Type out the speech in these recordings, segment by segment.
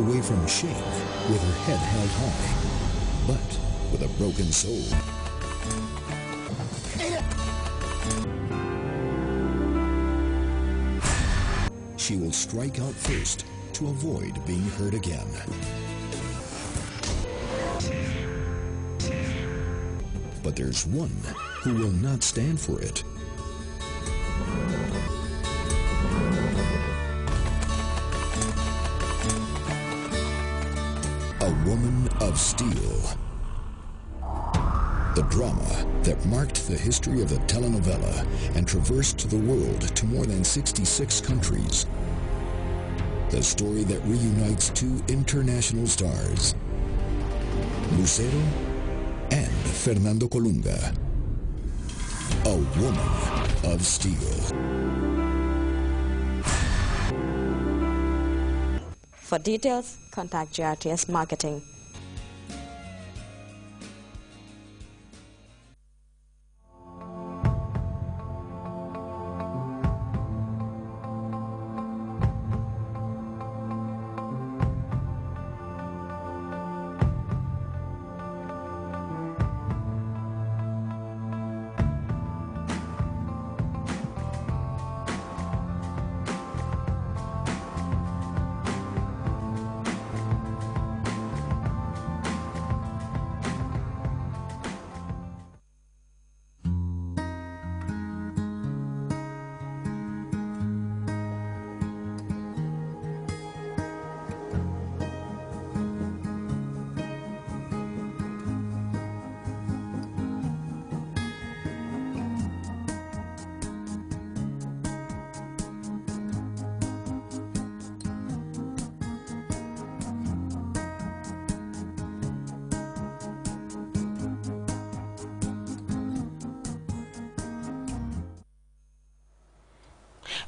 away from shame with her head held high, but with a broken soul. She will strike out first to avoid being hurt again. But there's one who will not stand for it. Woman of Steel. The drama that marked the history of the telenovela and traversed the world to more than 66 countries. The story that reunites two international stars, Lucero and Fernando Colunga. A Woman of Steel. For details, contact GRTS Marketing.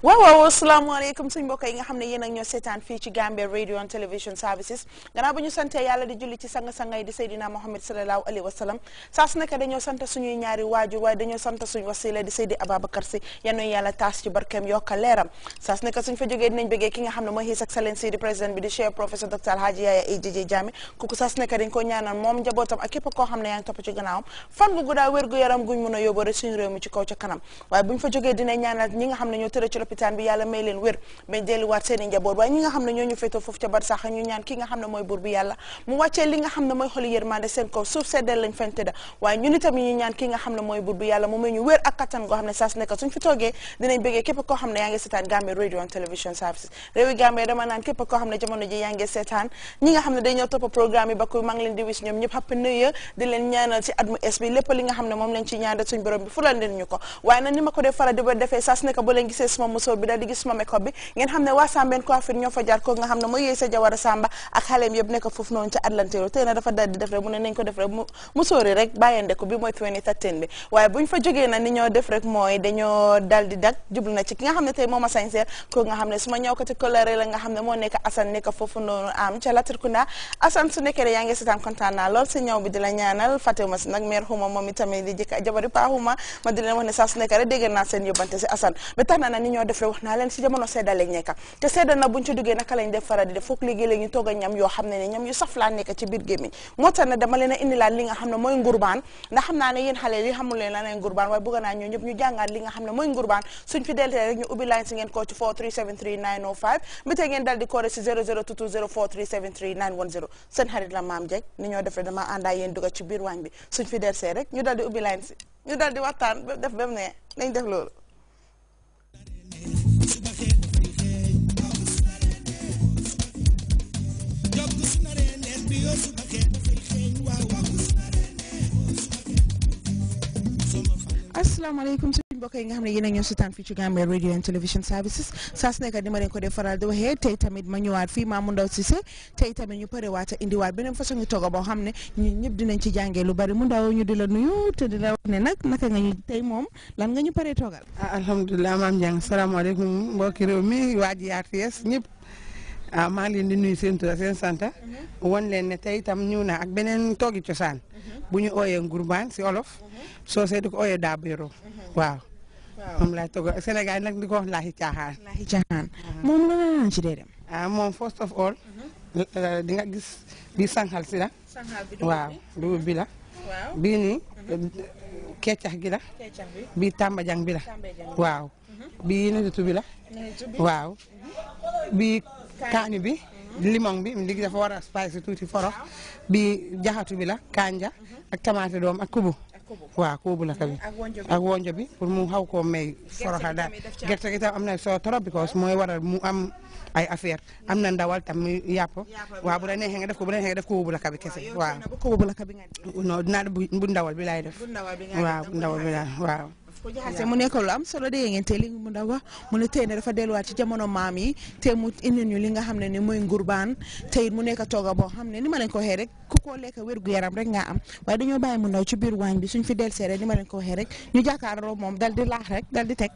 waaw waaw asalaamaaleykum suñ mbokk yi nga xam ne yéen ak ñoo seetaan fii ci Gambia radio and television services gannaaw ba ñu sante yàlla di julli ci sang-sangay di Seydina Mohamed salallahu alayhi wa sallam saa su nekk ñaari waajur waaye dañoo sant suñ wasila di Seydi Ababacar Si yanoy yàlla taas ci barkeem yokka leeram saa su nekk suñ fa jógee dinañ ki nga xam ne moom njabootam ak képp xam ne yaa topp ci gannaawam a yóbbore lopitaan bi yàlla may leen wér bañ delluwaat seen njaboot waaye ñi nga xam ne ñoo ñu foofu ca bar sax ñu ñaan ki nga xam ne mooy buur bi yàlla mu wàccee li nga xam ne mooy xoli yërmande seen kaw suuf suñ fi toogee dinañ bëggee képp koo xam ne yaa seetaan Gambia radio and television services réewi Gambia dama naan képp koo xam ne jamono ji yaa seetaan ñi nga xam ne dañoo topp programme ba ku maa leen di wis ñoom ñëpp happy new di leen ñaanal si at episode bi dal di gis suma makeup bi ngeen xam ne waa Sambeen coiffure ñoo jaar ko nga xam ne mooy sa Jawara Samba ak xaleem yëpp nekk foofu noonu ca Atlantéro tey na dafa dal di def rek mu ne nañ ko def rek mu rek bayende ko bi mooy 2013 bi waaye buñ fa jógee na ni ñoo def rek mooy dañoo dal di dag jublu na ci ki nga xam ne tey mooma ko nga xam ne suma ñëw ko ci coloré la nga xam ne moo nekk Assane nekk foofu noonu am ca kuna asan su nekkee yaa ngi seetaan kontaan naa lool si ñëw bi di la ñaanal fàttewuma si nag mère xuma moom itamit di jëkk jabari paaxuma ma di wax ne saa su nekk rek dégg naa seen yóbbante si asan ba tax na na ni ñoo defee wax naa leen si jamono sedda lañ nekka te sedda na buñ ci duggee naka lañ def faral di def léegi léegi ñu togg ñam yoo xam ne ñam yu saf laa nekk ci biir gémmiñ moo tax ne dama leen a indilaan li nga xam ne mooy ngurbaan ndax xam naa ne yéen xale yi xamul leen lan ay ngurbaan suñ fi deltee rek ñu ubbi ubbi line ñu dal di def ba ne nañ def loolu asalaamaaleykum suñu mbokk yi nga xam ne yéen a ñoo seetaan fii ci Gambia radio and television services saa su nekk ni ma ko dee faral di waxee tey tamit ma ñëwaat fii Mamou Ndaw Cissé tey tamit ñu pare waat a indiwaat beneen façon ñu boo xam ne ñun ñëpp dinañ ci jàngee lu bari mun ndaw ñu di la nuyu te di la wax ne nag naka nga ñu tey moom lan nga ñu paree toogal. ah alhamdulilah maam Ndiang salaamaaleykum mbokki réew mi waaj yaatu yees ñëpp. ah maa ngi mhm. leen di nuyu seen tur ne tey itam ñëw na ak beneen toogi cosaan mhm. bu ñu ooyee ngurbaan si olof mhm. so see di ko ooyee daabiro waaw moom laay togg Sénégal nag di ko wax laaxi caaxaan laaxi caaxaan moom la naan ci dee ah moom first of all eh, di nga gis bi sanxal si la waaw dugub bi la bii nii keccax gi la bii tàmbajang bi la waaw bii netetu bi la waaw bii kaani bi limon bi mi dafa war a spice tuuti forox bi jaxatu bi la kanja ak tamaate doom ak kubu waaw kubu la ka bi ak wonjo bi pour mu xaw koo may foroxa daal gerte gi tam am na soo trop because mooy waral mu am ay affaire am na ndawal tam muy yàpp waaw bu la neexee nga def ko bu la neexee nga def kubu la ka bi kese waaw non bu ndawal bi laay def waaw bu ndawal bi laay waaw ko jaxase mu nekk lu am solo de ngeen tey li mu ndaw wax mu ne tey ne dafa delluwaat ci jamono maam yi tey mu indi ñu li nga xam ne ni mooy ngurbaan tey mu nekka tooga boo xam ne ni ma leen ko waxee rek ku ko lekk wérgu yaram rek nga am waaye dañoo bàyyi mu ndaw ci biir waañ bi suñ fi dellusee rek ni ma leen ko waxee rek ñu jàkkaarloo moom dal di laax rek dal di teg.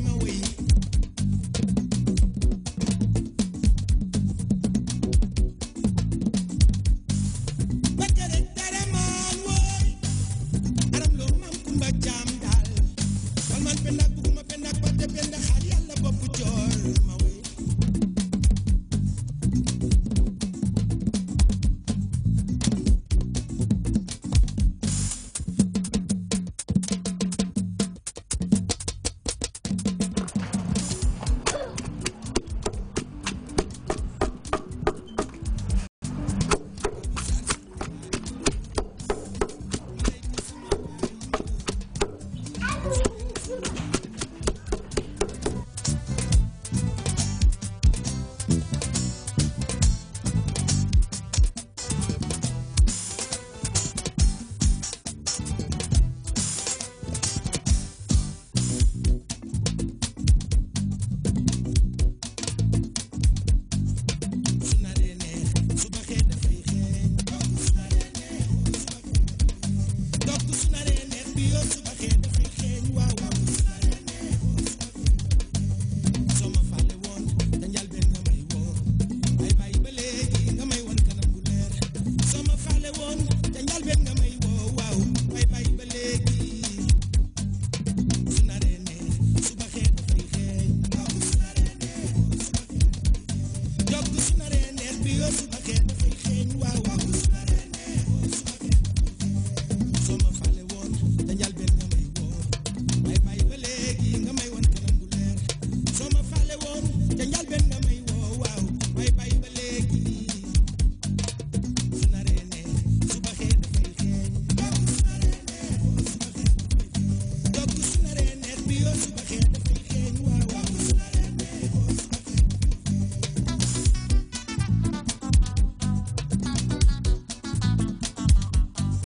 baby